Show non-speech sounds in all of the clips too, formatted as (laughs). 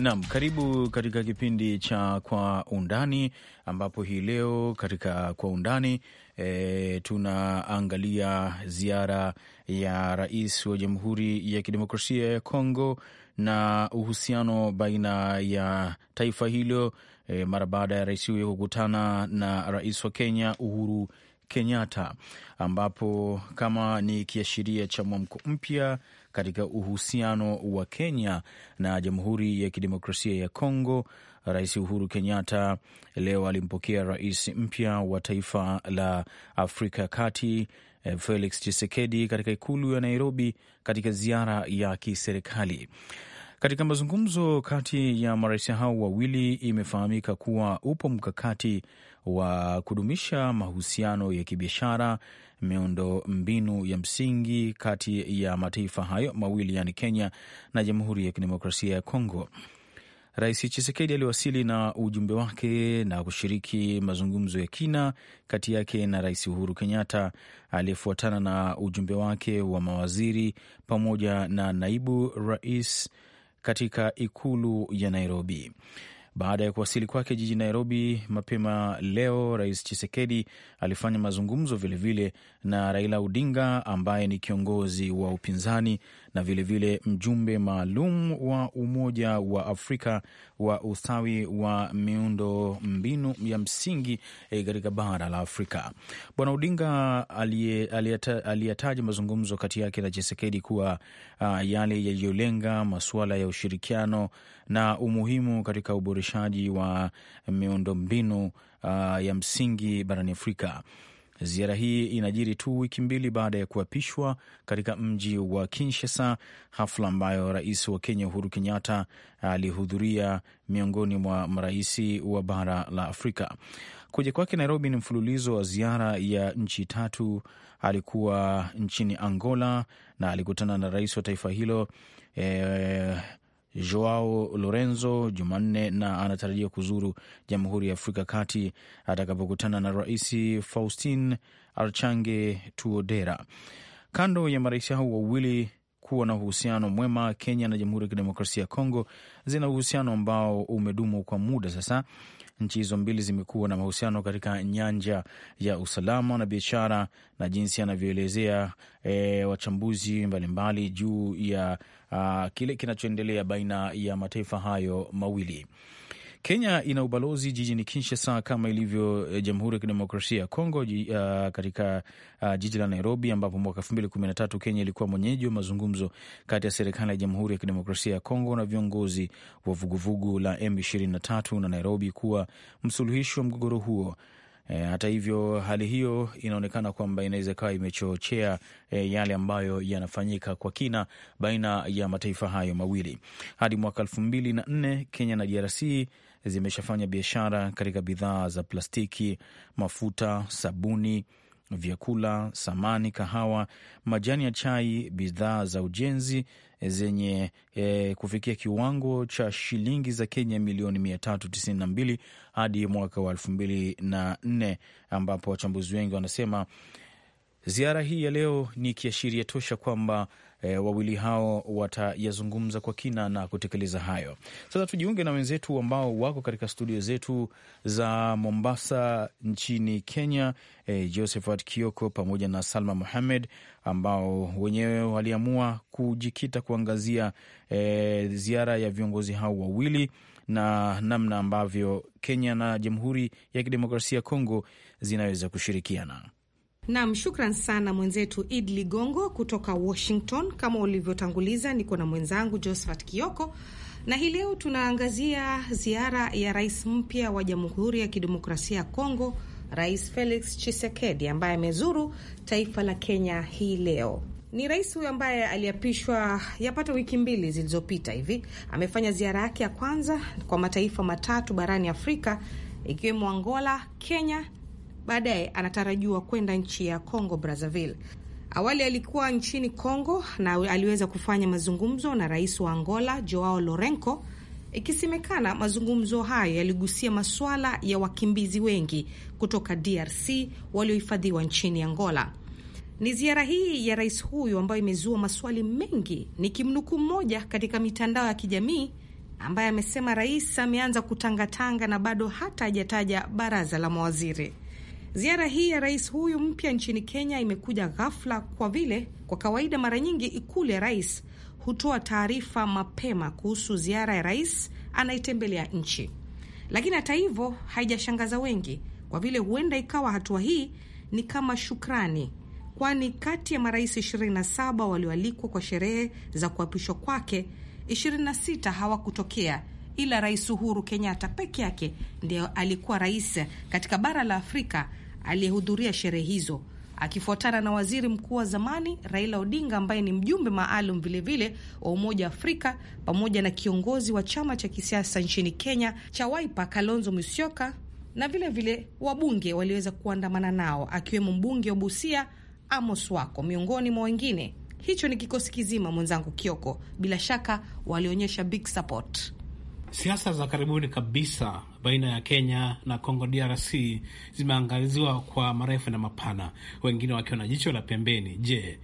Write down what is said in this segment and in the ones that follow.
Naam, karibu katika kipindi cha Kwa Undani, ambapo hii leo katika Kwa Undani e, tunaangalia ziara ya rais wa Jamhuri ya Kidemokrasia ya Kongo na uhusiano baina ya taifa hilo e, mara baada ya rais huyo kukutana na rais wa Kenya Uhuru Kenyatta, ambapo kama ni kiashiria cha mwamko mpya katika uhusiano wa Kenya na Jamhuri ya Kidemokrasia ya Kongo. Rais Uhuru Kenyatta leo alimpokea rais mpya wa taifa la Afrika ya Kati eh, Felix Tshisekedi katika ikulu ya Nairobi katika ziara ya kiserikali. Katika mazungumzo kati ya marais hao wawili, imefahamika kuwa upo mkakati wa kudumisha mahusiano ya kibiashara, miundo mbinu ya msingi kati ya mataifa hayo mawili yaani Kenya na Jamhuri ya Kidemokrasia ya Kongo. Rais Chisekedi aliwasili na ujumbe wake na kushiriki mazungumzo ya kina kati yake na Rais Uhuru Kenyatta aliyefuatana na ujumbe wake wa mawaziri pamoja na naibu rais katika ikulu ya Nairobi. Baada ya kuwasili kwake jijini Nairobi mapema leo, Rais Chisekedi alifanya mazungumzo vilevile na Raila Odinga ambaye ni kiongozi wa upinzani na vilevile vile mjumbe maalum wa Umoja wa Afrika wa ustawi wa miundo mbinu ya msingi eh, katika e, bara la Afrika. Bwana Odinga aliyataja mazungumzo kati yake na Chisekedi kuwa a, ah, yale yaliyolenga masuala ya ushirikiano na umuhimu katika uboreshaji wa miundo mbinu ah, ya msingi barani Afrika. Ziara hii inajiri tu wiki mbili baada ya kuapishwa katika mji wa Kinshasa, hafla ambayo rais wa Kenya Uhuru Kenyatta alihudhuria miongoni mwa marais wa bara la Afrika. Kuja kwake Nairobi ni mfululizo wa ziara ya nchi tatu. Alikuwa nchini Angola na alikutana na rais wa taifa hilo eh, Joao Lorenzo Jumanne na anatarajia kuzuru Jamhuri ya Afrika Kati atakapokutana na Rais Faustin Archange Tuodera. Kando ya marais hao wawili kuwa na uhusiano mwema. Kenya na Jamhuri ya Kidemokrasia ya Kongo zina uhusiano ambao umedumu kwa muda sasa. Nchi hizo mbili zimekuwa na mahusiano katika nyanja ya usalama na biashara, na jinsi anavyoelezea e, eh, wachambuzi mbalimbali juu ya a, ah, kile kinachoendelea baina ya mataifa hayo mawili. Kenya ina ubalozi jijini Kinshasa kama ilivyo eh, Jamhuri ya Kidemokrasia ya Kongo, uh, katika uh, jiji la Nairobi, ambapo mwaka elfu mbili kumi na tatu Kenya ilikuwa mwenyeji wa mazungumzo kati ya serikali ya Jamhuri ya Kidemokrasia ya Kongo na viongozi wa vuguvugu la M23 na Nairobi kuwa msuluhishi wa mgogoro huo. E, hata hivyo hali hiyo inaonekana kwamba inaweza ikawa imechochea e, yale ambayo yanafanyika kwa kina baina ya mataifa hayo mawili. Hadi mwaka elfu mbili na nne Kenya na DRC zimeshafanya biashara katika bidhaa za plastiki, mafuta, sabuni, vyakula, samani, kahawa, majani ya chai, bidhaa za ujenzi zenye e, kufikia kiwango cha shilingi za Kenya milioni 392 hadi mwaka wa 2004 ambapo wachambuzi wengi wanasema ziara hii ya leo ni kiashiria tosha kwamba e, wawili hao watayazungumza kwa kina na kutekeleza hayo. Sasa tujiunge na wenzetu ambao wako katika studio zetu za Mombasa nchini Kenya, e, Josephat Kioko pamoja na Salma Muhamed ambao wenyewe waliamua kujikita kuangazia e, ziara ya viongozi hao wawili na namna ambavyo Kenya na Jamhuri ya Kidemokrasia ya Kongo zinaweza kushirikiana. Nam, shukran sana mwenzetu Id Ligongo kutoka Washington. Kama ulivyotanguliza, niko na mwenzangu Josephat Kioko, na hii leo tunaangazia ziara ya rais mpya wa Jamhuri ya Kidemokrasia ya Kongo, Rais Felix Tshisekedi ambaye amezuru taifa la Kenya hii leo. Ni rais huyo ambaye aliapishwa yapata wiki mbili zilizopita hivi. Amefanya ziara yake ya kwanza kwa mataifa matatu barani Afrika, ikiwemo Angola, Kenya Baadaye anatarajiwa kwenda nchi ya Congo Brazzaville. Awali alikuwa nchini Congo na aliweza kufanya mazungumzo na rais wa Angola Joao Lourenco. Ikisemekana mazungumzo hayo yaligusia masuala ya wakimbizi wengi kutoka DRC waliohifadhiwa nchini Angola. Ni ziara hii ya rais huyu ambayo imezua maswali mengi, nikimnukuu mmoja katika mitandao ya kijamii ambaye amesema rais ameanza kutangatanga na bado hata hajataja baraza la mawaziri. Ziara hii ya rais huyu mpya nchini Kenya imekuja ghafla, kwa vile kwa kawaida mara nyingi ikulu ya rais hutoa taarifa mapema kuhusu ziara ya rais anayetembelea nchi. Lakini hata hivyo haijashangaza wengi, kwa vile huenda ikawa hatua hii ni kama shukrani, kwani kati ya marais 27 walioalikwa kwa sherehe za kuapishwa kwake 26 hawakutokea ila Rais Uhuru Kenyatta peke yake ndio alikuwa rais katika bara la Afrika aliyehudhuria sherehe hizo akifuatana na waziri mkuu wa zamani Raila Odinga ambaye ni mjumbe maalum vilevile wa Umoja wa Afrika pamoja na kiongozi wa chama cha kisiasa nchini Kenya cha Waipa Kalonzo Musyoka na vilevile wabunge waliweza kuandamana nao akiwemo mbunge wa Busia Amos Wako miongoni mwa wengine. Hicho ni kikosi kizima, mwenzangu Kioko, bila shaka walionyesha big support. Siasa za karibuni kabisa baina ya Kenya na Congo DRC zimeangaziwa kwa marefu na mapana, wengine wakiwa na jicho la pembeni. Je,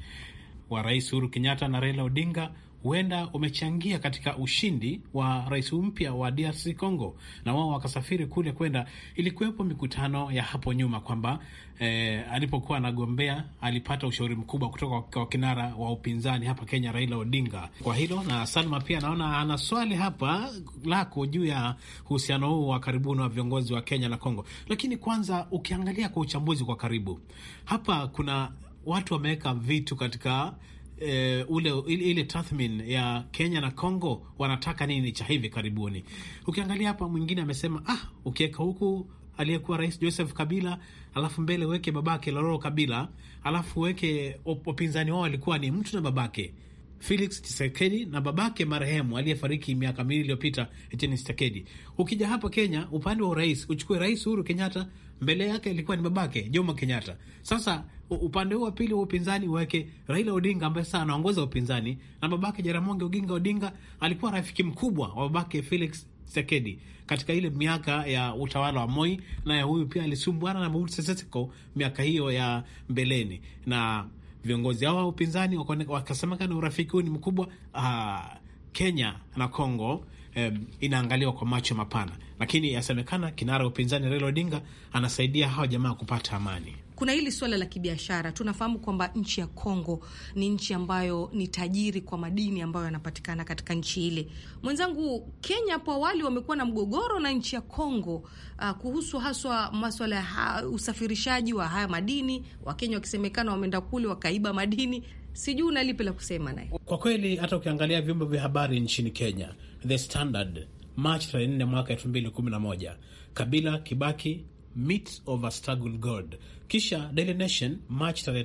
wa Rais Uhuru Kenyatta na Raila Odinga huenda umechangia katika ushindi wa rais mpya wa DRC Congo, na wao wakasafiri kule kwenda. Ilikuwepo mikutano ya hapo nyuma kwamba eh, alipokuwa anagombea alipata ushauri mkubwa kutoka kwa kinara wa upinzani hapa Kenya, Raila Odinga, kwa hilo. Na Salma pia naona ana swali hapa lako juu ya uhusiano huu wa karibuni wa viongozi wa Kenya na Congo. Lakini kwanza, ukiangalia kwa uchambuzi kwa karibu, hapa kuna watu wameweka vitu katika e, ule ile tathmin ya Kenya na Congo wanataka nini cha hivi karibuni. Ukiangalia hapa, mwingine amesema ah, ukiweka huku aliyekuwa rais Joseph Kabila, alafu mbele weke babake Lororo Kabila, alafu weke wapinzani wao walikuwa ni mtu na babake Felix Tshisekedi na babake marehemu aliyefariki miaka miwili iliyopita Etienne Tshisekedi. Ukija hapa Kenya, upande wa urais uchukue Rais Uhuru Kenyatta mbele yake alikuwa ni babake Jomo Kenyatta. Sasa upande huu wa pili wa upinzani wake Raila Odinga ambaye sasa anaongoza upinzani na babake Jaramogi Oginga Odinga alikuwa rafiki mkubwa wa babake Felix Tshisekedi katika ile miaka ya utawala wa Moi, naye huyu pia alisumbwana na Mobutu Sese Seko miaka hiyo ya mbeleni, na viongozi hao wa upinzani wakasemekana urafiki huu ni mkubwa. Aa, ah, Kenya na Kongo eh, inaangaliwa kwa macho mapana, lakini yasemekana kinara wa upinzani Raila Odinga anasaidia hawa jamaa kupata amani. Kuna hili suala la kibiashara. Tunafahamu kwamba nchi ya Kongo ni nchi ambayo ni tajiri kwa madini ambayo yanapatikana katika nchi ile. Mwenzangu, Kenya hapo awali wamekuwa na mgogoro na nchi ya Kongo uh, kuhusu haswa maswala ya ha usafirishaji wa haya madini, Wakenya wakisemekana wameenda kule wakaiba madini. Sijui unalipi la kusema naye. Kwa kweli, hata ukiangalia vyombo vya habari nchini Kenya The Standard March 4 mwaka 2011, Kabila Kibaki Myth of a Struggle God. Kisha Daily Nation March 3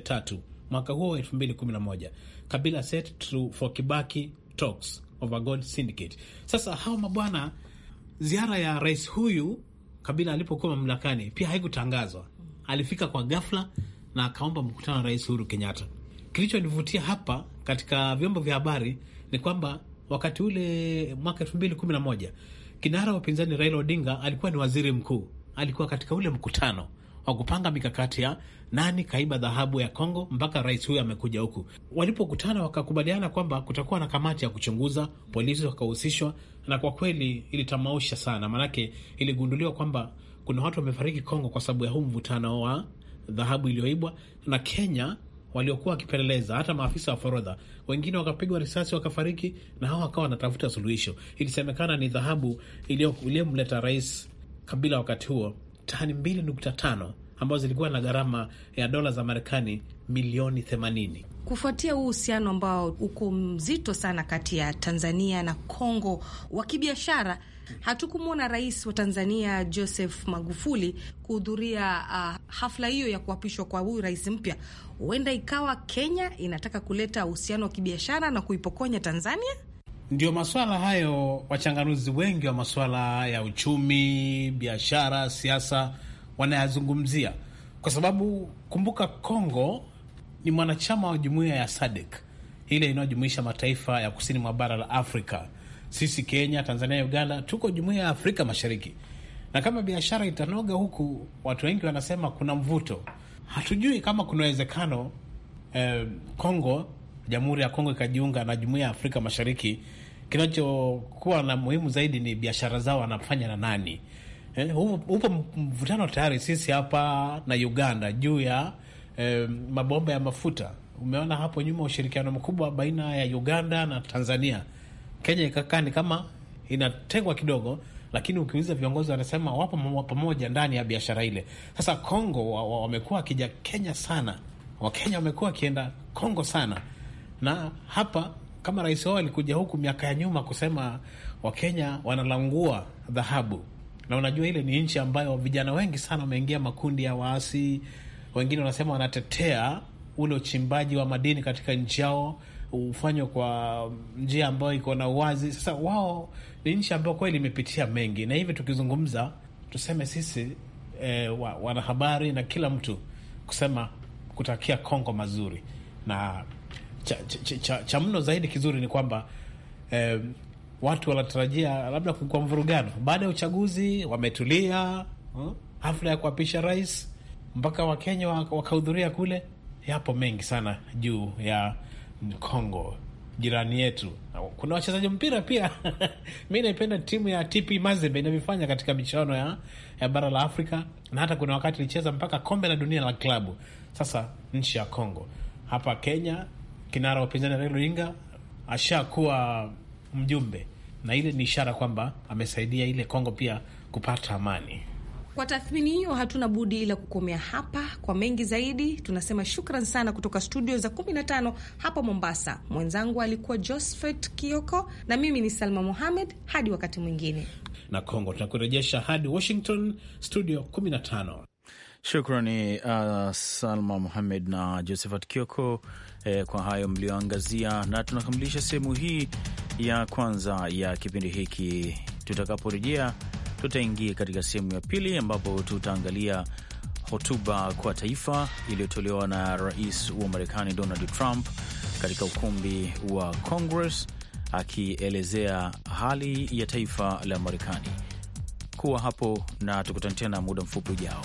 mwaka huo 2011, Kabila set true for Kibaki talks of a God syndicate. Sasa hao mabwana, ziara ya rais huyu Kabila alipokuwa mamlakani pia haikutangazwa, alifika kwa ghafla na akaomba mkutano na Rais Uhuru Kenyatta. Kilichonivutia hapa katika vyombo vya habari ni kwamba wakati ule mwaka elfu mbili kumi na moja kinara wa upinzani Raila Odinga alikuwa ni waziri mkuu, alikuwa katika ule mkutano wa kupanga mikakati ya nani kaiba dhahabu ya Kongo mpaka rais huyo amekuja huku. Walipokutana wakakubaliana kwamba kutakuwa na kamati ya kuchunguza, polisi wakahusishwa, na kwa kweli ilitamausha sana, maanake iligunduliwa kwamba kuna watu wamefariki Kongo kwa sababu ya huu mvutano wa dhahabu iliyoibwa na Kenya waliokuwa wakipeleleza, hata maafisa wa forodha, wengine wakapigwa risasi wakafariki, na hao wakawa wanatafuta suluhisho. Ilisemekana ni dhahabu iliyomleta rais Kabila wakati huo tani mbili nukta tano ambazo zilikuwa na gharama ya dola za Marekani milioni 80. Kufuatia huu uhusiano ambao uko mzito sana kati ya Tanzania na Kongo wa kibiashara, hatukumwona Rais wa Tanzania Joseph Magufuli kuhudhuria uh, hafla hiyo ya kuapishwa kwa huyu rais mpya. Huenda ikawa Kenya inataka kuleta uhusiano wa kibiashara na kuipokonya Tanzania. Ndio maswala hayo wachanganuzi wengi wa maswala ya uchumi, biashara, siasa wanayazungumzia, kwa sababu kumbuka, Kongo ni mwanachama wa jumuiya ya SADC ile inayojumuisha mataifa ya kusini mwa bara la Afrika. Sisi Kenya, Tanzania, Uganda tuko jumuiya ya Afrika Mashariki, na kama biashara itanoga huku, watu wengi wanasema kuna mvuto. Hatujui kama kuna uwezekano eh, Kongo, Jamhuri ya Kongo ikajiunga na jumuiya ya Afrika Mashariki. Kinachokuwa na muhimu zaidi ni biashara zao wanafanya na nani, eh, upo mvutano tayari sisi hapa na Uganda juu ya eh, mabomba ya mafuta. Umeona hapo nyuma ushirikiano mkubwa baina ya Uganda na Tanzania. Kenya ikakaa ni kama inatengwa kidogo, lakini ukiuliza viongozi wanasema wapo pamoja ndani ya biashara ile. Sasa Kongo wamekuwa wa, wakija Kenya sana, Wakenya wamekuwa wakienda Kongo sana, na hapa kama rais wao alikuja huku miaka ya nyuma kusema Wakenya wanalangua dhahabu na unajua ile ni nchi ambayo vijana wengi sana wameingia makundi ya waasi. Wengine wanasema wanatetea ule uchimbaji wa madini katika nchi yao ufanywe kwa njia ambayo iko na uwazi. Sasa wao ni nchi ambayo kweli imepitia mengi, na hivi tukizungumza, tuseme sisi e, wa, wanahabari na kila mtu kusema kutakia Kongo mazuri na cha, cha, cha, cha mno zaidi kizuri ni kwamba e, watu wanatarajia labda kukua mvurugano baada ya uchaguzi, wametulia hafla ya kuapisha rais mpaka Wakenya wakahudhuria kule. Yapo mengi sana juu ya Kongo jirani yetu. Kuna wachezaji mpira pia (laughs) mi naipenda timu ya TP Mazembe inavyofanya katika michuano ya, ya bara la Afrika, na hata kuna wakati ilicheza mpaka kombe la dunia la klabu. Sasa nchi ya Kongo hapa Kenya, kinara wa upinzani Raila Odinga ashakuwa mjumbe na ile ni ishara kwamba amesaidia ile Kongo pia kupata amani. Kwa tathmini hiyo, hatuna budi ila kukomea hapa. Kwa mengi zaidi, tunasema shukran sana kutoka studio za 15 hapa Mombasa. Mwenzangu alikuwa josphet Kioko na mimi ni Salma Mohamed. Hadi wakati mwingine, na Kongo tunakurejesha hadi Washington, studio 15. Shukrani uh, Salma Muhamed na Josephat Kioko eh, kwa hayo mlioangazia, na tunakamilisha sehemu hii ya kwanza ya kipindi hiki. Tutakaporejea tutaingia katika sehemu ya pili ambapo tutaangalia hotuba kwa taifa iliyotolewa na rais wa Marekani Donald Trump katika ukumbi wa Congress akielezea hali ya taifa la Marekani. Kuwa hapo na tukutane tena muda mfupi ujao.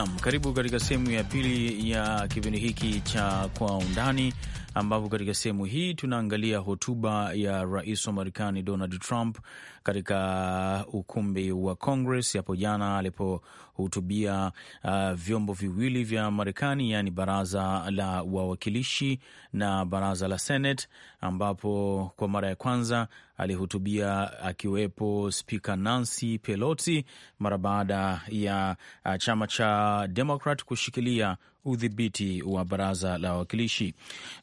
Naam, karibu katika sehemu ya pili ya kipindi hiki cha Kwa Undani, ambapo katika sehemu hii tunaangalia hotuba ya rais wa Marekani Donald Trump katika ukumbi wa Congress hapo jana alipohutubia uh, vyombo viwili vya Marekani, yaani baraza la wawakilishi na baraza la Senate, ambapo kwa mara ya kwanza alihutubia akiwepo spika Nancy Pelosi mara baada ya uh, chama cha Demokrat kushikilia udhibiti wa baraza la wawakilishi.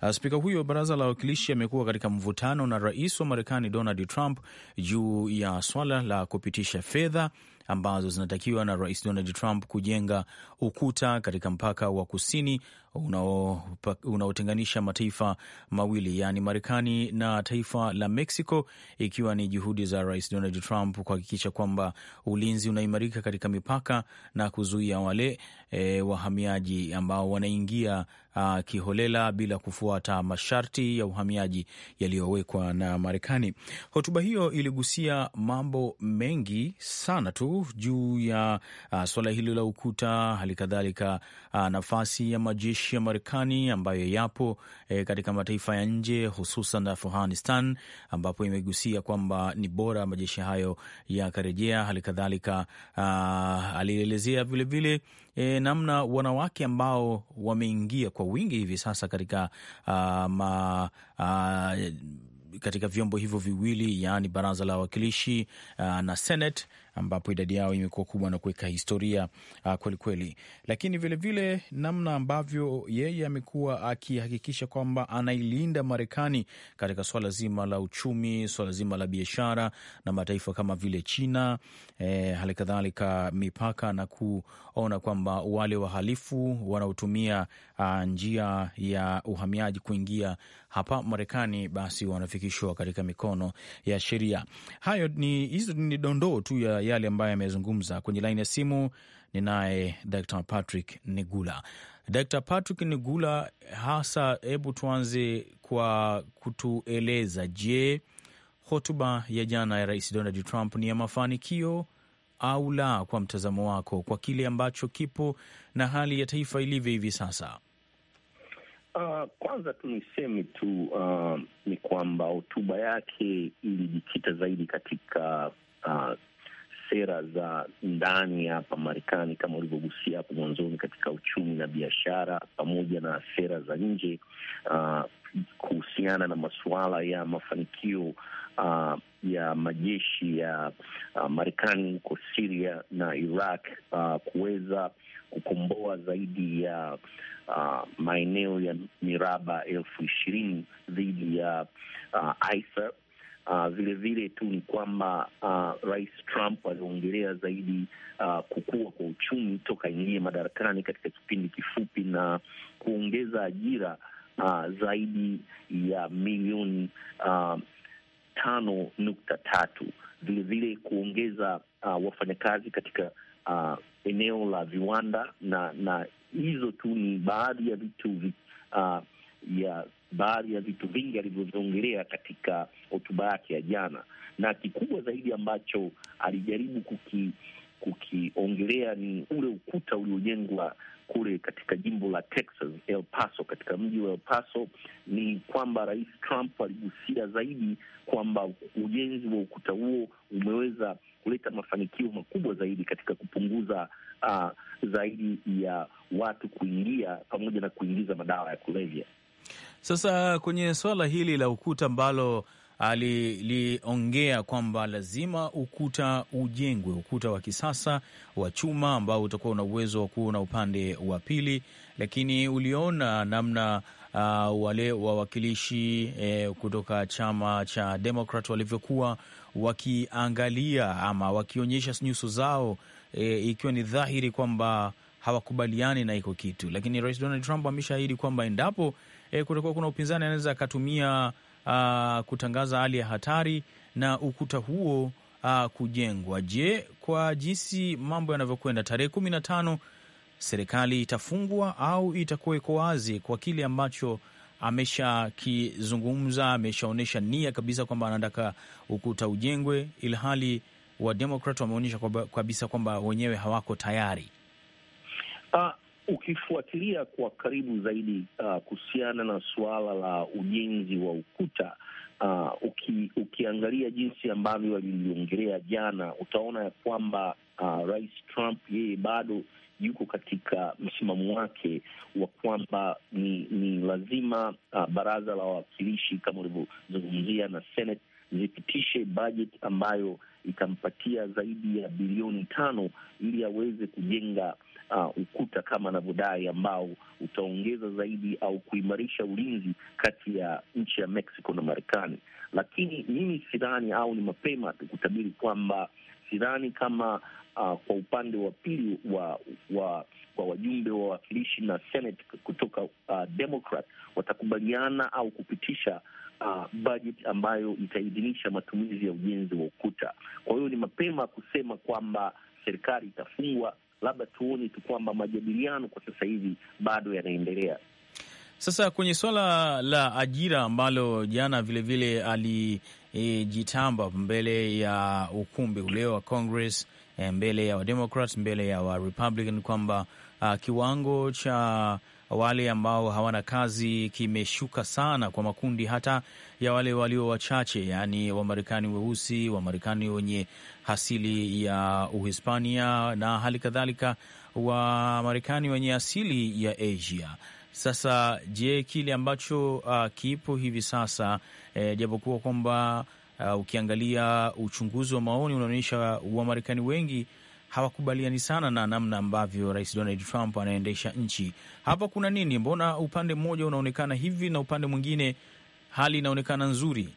Uh, spika huyo wa baraza la wawakilishi amekuwa katika mvutano na rais wa Marekani Donald Trump juu ya swala la kupitisha fedha ambazo zinatakiwa na rais Donald Trump kujenga ukuta katika mpaka wa kusini unaotenganisha mataifa mawili yaani Marekani na taifa la Mexico, ikiwa ni juhudi za Rais Donald Trump kuhakikisha kwamba ulinzi unaimarika katika mipaka na kuzuia wale e, wahamiaji ambao wanaingia a, kiholela bila kufuata masharti ya uhamiaji yaliyowekwa na Marekani. Hotuba hiyo iligusia mambo mengi sana tu juu ya a, swala hilo la ukuta, halikadhalika nafasi ya majeshi majeshi ya Marekani ambayo yapo e, katika mataifa ya nje hususan Afghanistan, ambapo imegusia kwamba ni bora majeshi hayo yakarejea. Hali kadhalika alielezea vilevile E, namna wanawake ambao wameingia kwa wingi hivi sasa katika uh, ma, uh, katika vyombo hivyo viwili, yaani baraza la wawakilishi uh, na Senate ambapo idadi yao imekuwa kubwa na kuweka historia kwelikweli uh, kweli. Lakini vilevile vile, namna ambavyo yeye amekuwa akihakikisha kwamba anailinda Marekani katika swala zima la uchumi, swala zima la biashara na mataifa kama vile China, eh, hali kadhalika mipaka na kuona kwamba wale wahalifu wanaotumia uh, njia ya uhamiaji kuingia hapa Marekani basi wanafikishwa katika mikono ya sheria. Hayo ni hizo ni dondoo tu ya yale ambayo yamezungumza. Kwenye laini ya simu ninaye Dr. Patrick Nigula. Dr. Patrick Nigula, hasa hebu tuanze kwa kutueleza, je, hotuba ya jana ya Rais Donald Trump ni ya mafanikio au la, kwa mtazamo wako, kwa kile ambacho kipo na hali ya taifa ilivyo hivi sasa? Uh, kwanza tu niseme tu uh, ni kwamba hotuba yake ilijikita zaidi katika uh, sera za ndani hapa Marekani kama ulivyogusia hapo mwanzoni, katika uchumi na biashara, pamoja na sera za nje uh, kuhusiana na masuala ya mafanikio uh, ya majeshi ya uh, Marekani huko Siria na Iraq uh, kuweza kukomboa zaidi ya uh, maeneo ya miraba elfu ishirini dhidi ya uh, vilevile Uh, vile vile tu ni kwamba uh, Rais Trump aliongelea zaidi uh, kukua kwa uchumi toka ingie madarakani katika kipindi kifupi na kuongeza ajira uh, zaidi ya milioni uh, tano nukta tatu vilevile kuongeza uh, wafanyakazi katika uh, eneo la viwanda na na hizo tu ni baadhi ya vitu uh, ya baadhi ya vitu vingi alivyoviongelea katika hotuba yake ya jana, na kikubwa zaidi ambacho alijaribu kuki kukiongelea ni ule ukuta uliojengwa kule katika jimbo la Texas, El Paso, katika mji wa El Paso, ni kwamba Rais Trump aligusia zaidi kwamba ujenzi wa ukuta huo umeweza kuleta mafanikio makubwa zaidi katika kupunguza uh, zaidi ya watu kuingia pamoja na kuingiza madawa ya kulevya. Sasa kwenye suala hili la ukuta ambalo aliliongea kwamba lazima ukuta ujengwe, ukuta wa kisasa wa chuma ambao utakuwa una uwezo wa kuona upande wa pili, lakini uliona namna uh, wale wawakilishi eh, kutoka chama cha Demokrat walivyokuwa wakiangalia ama wakionyesha nyuso zao eh, ikiwa ni dhahiri kwamba hawakubaliani na iko kitu, lakini Rais Donald Trump ameshaahidi kwamba endapo eh, kutakuwa kuna upinzani anaweza akatumia uh, kutangaza hali ya hatari na ukuta huo uh, kujengwa. Je, kwa jinsi mambo yanavyokwenda, tarehe kumi na tano serikali itafungwa au itakuwa iko wazi kwa kile ambacho ameshakizungumza, ameshaonyesha nia kabisa kwamba anataka ukuta ujengwe, ilhali Wademokrat wameonyesha kabisa kwamba wenyewe hawako tayari. Uh, Ukifuatilia kwa karibu zaidi uh, kuhusiana na suala la ujenzi wa ukuta uh, uki, ukiangalia jinsi ambavyo waliliongelea jana, utaona ya kwamba uh, Rais Trump yeye bado yuko katika msimamo wake wa kwamba ni, ni lazima uh, baraza la wawakilishi kama ulivyozungumzia na Senate zipitishe bajeti ambayo itampatia zaidi ya bilioni tano ili aweze kujenga uh, ukuta kama anavyodai ambao utaongeza zaidi au kuimarisha ulinzi kati ya nchi ya Mexico na Marekani. Lakini mimi sidhani au ni mapema kutabiri kwamba sidhani kama uh, kwa upande wa pili wa wa kwa wajumbe wa wawakilishi na Senate kutoka uh, Democrat watakubaliana au kupitisha uh, bajeti ambayo itaidhinisha matumizi ya ujenzi wa ukuta. Kwa hiyo ni mapema kusema kwamba serikali itafungwa labda tuone tu kwamba majadiliano kwa sasa hivi bado yanaendelea. Sasa kwenye swala la ajira ambalo jana vilevile alijitamba e, mbele ya ukumbi ule wa Congress e, mbele ya Wademokrat, mbele ya Republican kwamba ah, kiwango cha wale ambao hawana kazi kimeshuka sana kwa makundi hata ya wale walio wachache, yaani Wamarekani weusi, Wamarekani wenye asili ya Uhispania na hali kadhalika Wamarekani wenye asili ya Asia. Sasa je, kile ambacho uh, kipo hivi sasa eh, japokuwa kwamba uh, ukiangalia uchunguzi wa maoni unaonyesha Wamarekani wengi hawakubaliani sana na namna ambavyo Rais Donald Trump anaendesha nchi. Hapa kuna nini? Mbona upande mmoja unaonekana hivi na upande mwingine hali inaonekana nzuri?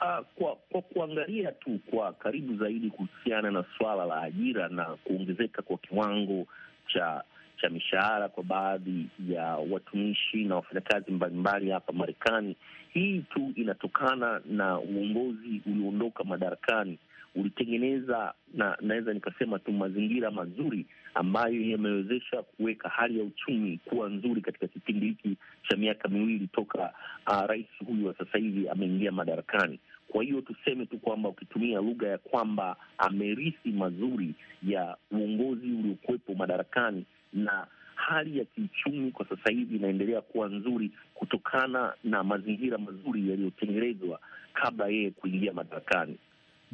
Uh, kwa kwa kuangalia tu kwa karibu zaidi kuhusiana na suala la ajira na kuongezeka kwa kiwango cha cha mishahara kwa baadhi ya watumishi na wafanyakazi mbalimbali hapa Marekani, hii tu inatokana na uongozi ulioondoka madarakani ulitengeneza na naweza nikasema tu mazingira mazuri ambayo yamewezesha kuweka hali ya uchumi kuwa nzuri katika kipindi hiki cha miaka miwili toka uh, rais huyu wa sasa hivi ameingia madarakani. Kwa hiyo tuseme tu kwamba ukitumia lugha ya kwamba amerithi mazuri ya uongozi uliokuwepo madarakani na hali ya kiuchumi kwa sasa hivi inaendelea kuwa nzuri kutokana na mazingira mazuri yaliyotengenezwa kabla yeye kuingia madarakani.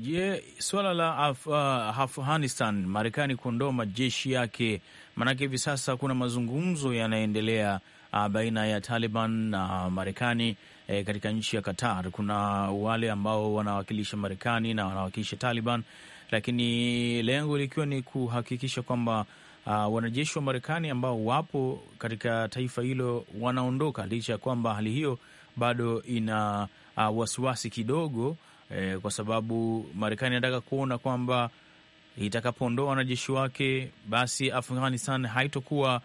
Je, suala la Af uh, Afghanistan, Marekani kuondoa majeshi yake, maanake hivi sasa kuna mazungumzo yanaendelea uh, baina ya Taliban na uh, Marekani eh, katika nchi ya Qatar. Kuna wale ambao wanawakilisha Marekani na wanawakilisha Taliban, lakini lengo likiwa ni kuhakikisha kwamba uh, wanajeshi wa Marekani ambao wapo katika taifa hilo wanaondoka, licha ya kwamba hali hiyo bado ina uh, wasiwasi kidogo e, kwa sababu Marekani inataka kuona kwamba itakapoondoa wanajeshi wake, basi Afghanistan haitokuwa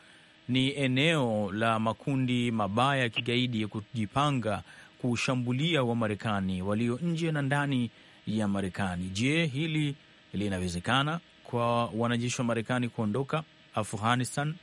ni eneo la makundi mabaya ya kigaidi ya kujipanga kushambulia Wamarekani walio nje na ndani ya Marekani. Je, hili linawezekana kwa wanajeshi wa Marekani kuondoka Afghanistan?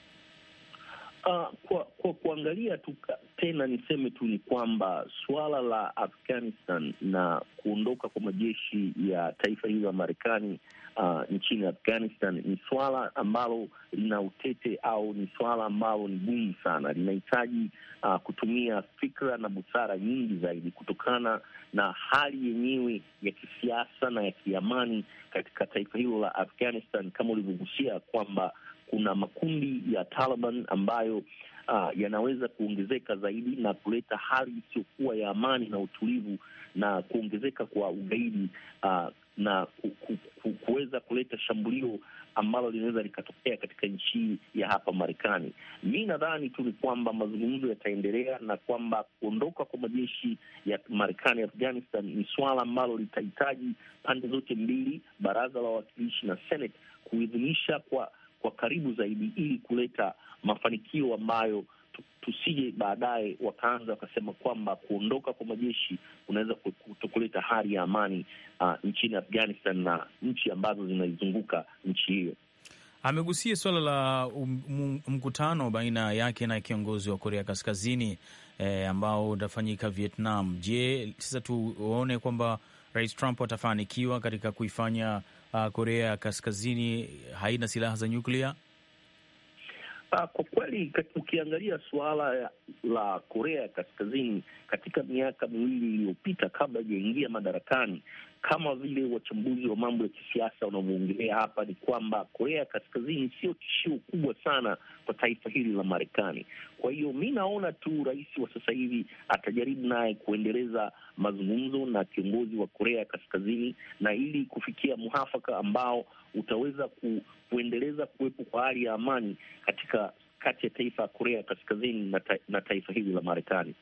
Uh, kwa kwa kuangalia tu tena niseme tu ni kwamba suala la Afghanistan na kuondoka kwa majeshi ya taifa hilo la Marekani uh, nchini Afghanistan ni suala ambalo lina utete au ni suala ambalo ni gumu sana, linahitaji uh, kutumia fikra na busara nyingi zaidi kutokana na hali yenyewe ya kisiasa na ya kiamani katika taifa hilo la Afghanistan, kama ulivyogusia kwamba kuna makundi ya Taliban ambayo uh, yanaweza kuongezeka zaidi na kuleta hali isiyokuwa ya amani na utulivu na kuongezeka kwa ugaidi uh, na kuweza kuleta shambulio ambalo linaweza likatokea katika nchi ya hapa Marekani. Mi nadhani tu ni kwamba mazungumzo yataendelea na kwamba kuondoka kwa majeshi ya Marekani Afghanistan ni swala ambalo litahitaji pande zote mbili, baraza la wawakilishi na Senate kuidhinisha kwa kwa karibu zaidi, ili kuleta mafanikio ambayo tusije baadaye wakaanza wakasema kwamba kuondoka kwa majeshi kunaweza kuleta hali ya amani uh, nchini Afghanistan na nchi ambazo zinaizunguka nchi hiyo. Amegusia suala la um, um, mkutano baina yake na kiongozi wa Korea Kaskazini eh, ambao utafanyika Vietnam. Je, sasa tuone kwamba Rais Trump atafanikiwa katika kuifanya uh, Korea Kaskazini haina silaha za nyuklia? Uh, kwa kweli ukiangalia suala la Korea ya Kaskazini katika miaka miwili iliyopita kabla ijaingia madarakani, kama vile wachambuzi wa mambo ya kisiasa wanavyoongelea hapa, ni kwamba Korea Kaskazini sio tishio kubwa sana kwa taifa hili la Marekani. Kwa hiyo mi naona tu rais wa sasa hivi atajaribu naye kuendeleza mazungumzo na kiongozi wa Korea Kaskazini, na ili kufikia mhafaka ambao utaweza ku, kuendeleza kuwepo kwa hali ya amani katika kati ya taifa ya Korea Kaskazini na, ta, na taifa hili la Marekani.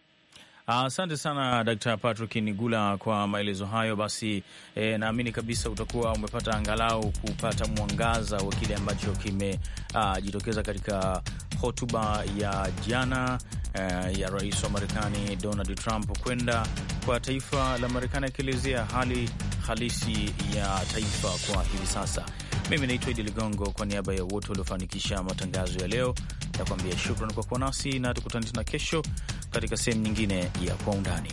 Asante sana Dr. Patrick Nigula kwa maelezo hayo. Basi e, naamini kabisa utakuwa umepata angalau kupata mwangaza wa kile ambacho kimejitokeza katika hotuba ya jana e, ya rais wa Marekani Donald Trump kwenda kwa taifa la Marekani, akielezea hali halisi ya taifa kwa hivi sasa. Mimi naitwa Idi Ligongo, kwa niaba ya wote waliofanikisha matangazo ya leo, kuambia shukran kwa kuwa nasi na tukutane tena kesho katika sehemu nyingine ya Kwa Undani.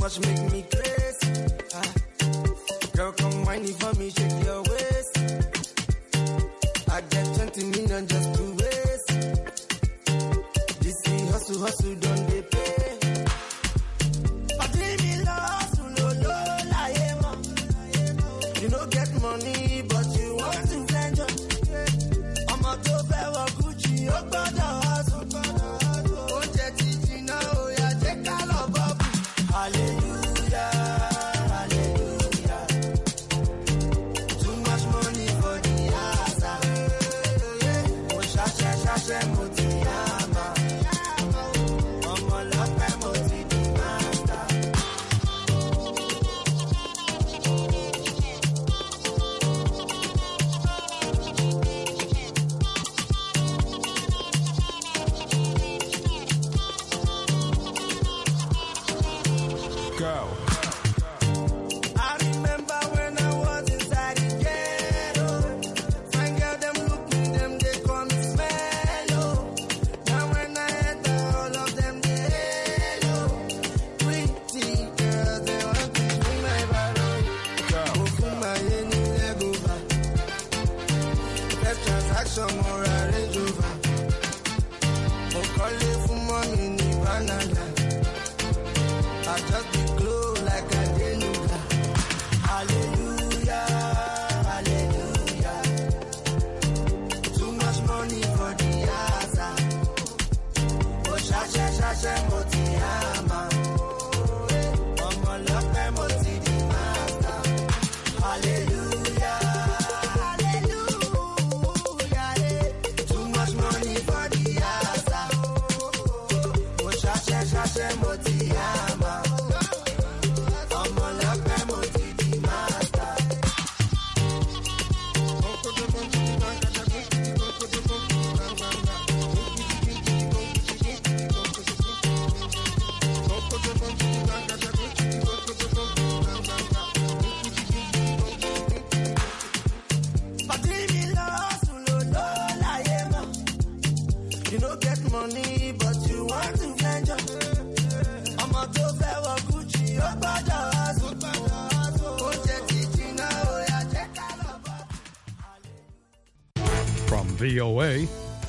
much make me